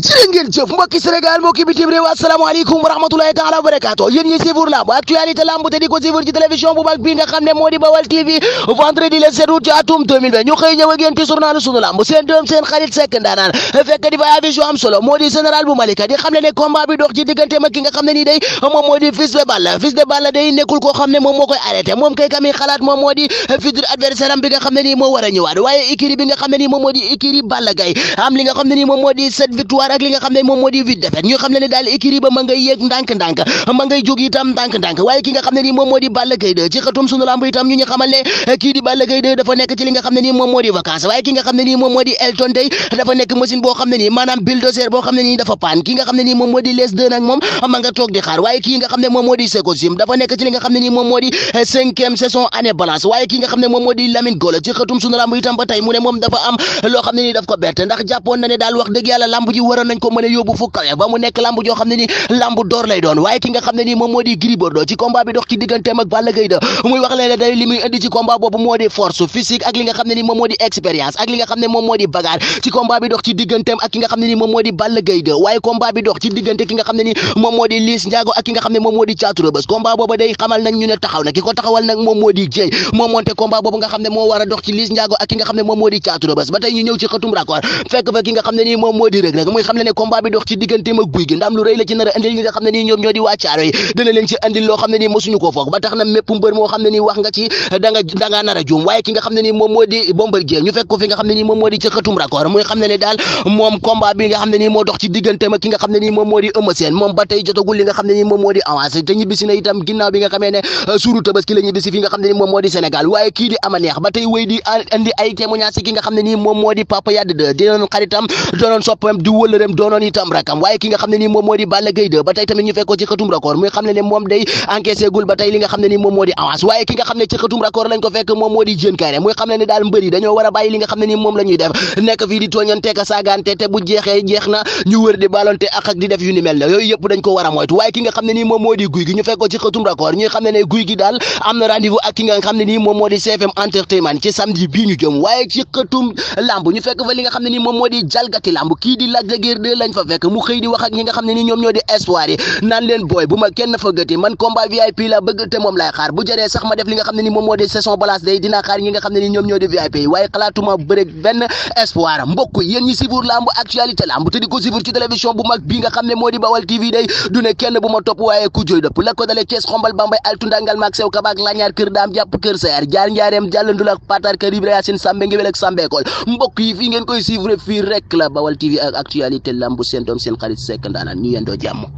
jërë ngeen jëf mbokki Sénégal mbokki bitim wa rahmatulahi wa barakaatu yéen ñi suivre lamb actualité lamb te di ko suivre ci télévision bu mag bi xam ne moo di Bawal TV vendredi le 7 août ci atum 2020 ñu xëy ñëw ak yéen ci sunu lamb seen doom seen xarit sekk ndaanaan fekk di fa avis yu am solo moo di bu Malika di xam le ne bi dox ci diggante ma xam ne day moom moo di fils de balle fils de balle day nekkul koo xam ne moom koy arrêté victoire waaye ki nga xam ne nii moom di Elton day dafa nekk machine boo xam ne nii maanaam di les deux nag moom ma toog di xaar waaye kii nga xam ne moom di Secosim dafa année balance waaye ki nga xam ne moom di Lamine Golo ci xatum sunu lamb itam ba tey mu dafa am loo xam ne nii daf ko ndax jàppoon na wax dëgg yàlla lamb ji waroon nañ ko mën a yóbbu ba mu nekk lamb joo doon waaye ki nga xam ne ni moom moo di expérience ci combat bi dox ci digganteem ak ki nga xam ne ni moom moo di Balla ak ki nga xam ne moom moo di Thiatou Rebeus ñu ne ci Liss Ndiago ak ki nga ki nga xam ne ni moom moo di Reug Reug muy xam ne ne combat bi dox ci digganteem guy gi ndam lu rëy la ci nar a ki nga xam ne nii moom moo di Bombardier waaye kii di ama neex ba tey wéy di andi ay témoignage ki nga xam ne nii moom moo di Papa Yade 2 dinoon xaritam doonoon soppam di wël wëllëreem doonoon di Balla Gaye ka saagante te bu jeexee jeex ñu wër di balonte ak ak di def yu ni mel yëpp dañ ko war a moytu waaye ki nga xam ne nii moom moo di guy gi ñu fekk ci xëtum record ñu fekk fa li nga xam ne nii moom moo di jalgati lamb kii di laj dëgër de lañ fa fekk mu xëy di wax ak nga xam ne ni ñoom ñoo di espoir yi naan leen booy bu ma kenn fa man combat VIP la bëgg te moom lay xaar bu jëree sax ma def li nga xam ne ni moom moo di saison balance day dinaa xaar ñi nga xam ne ni ñoom ñoo di VIP yi waaye xalaatuma bëre benn espoir mbokk yéen nga xam ne moo di Bawal TV day du kenn bu ma topp waaye ku joy dëpp la ko dalee Cees xombal bambay altundangal maak sew kabaak lañaar kër ak patar kër Ibrahima Sine actualité lambu seen doom seen xarit Seck Ndaanaan ñu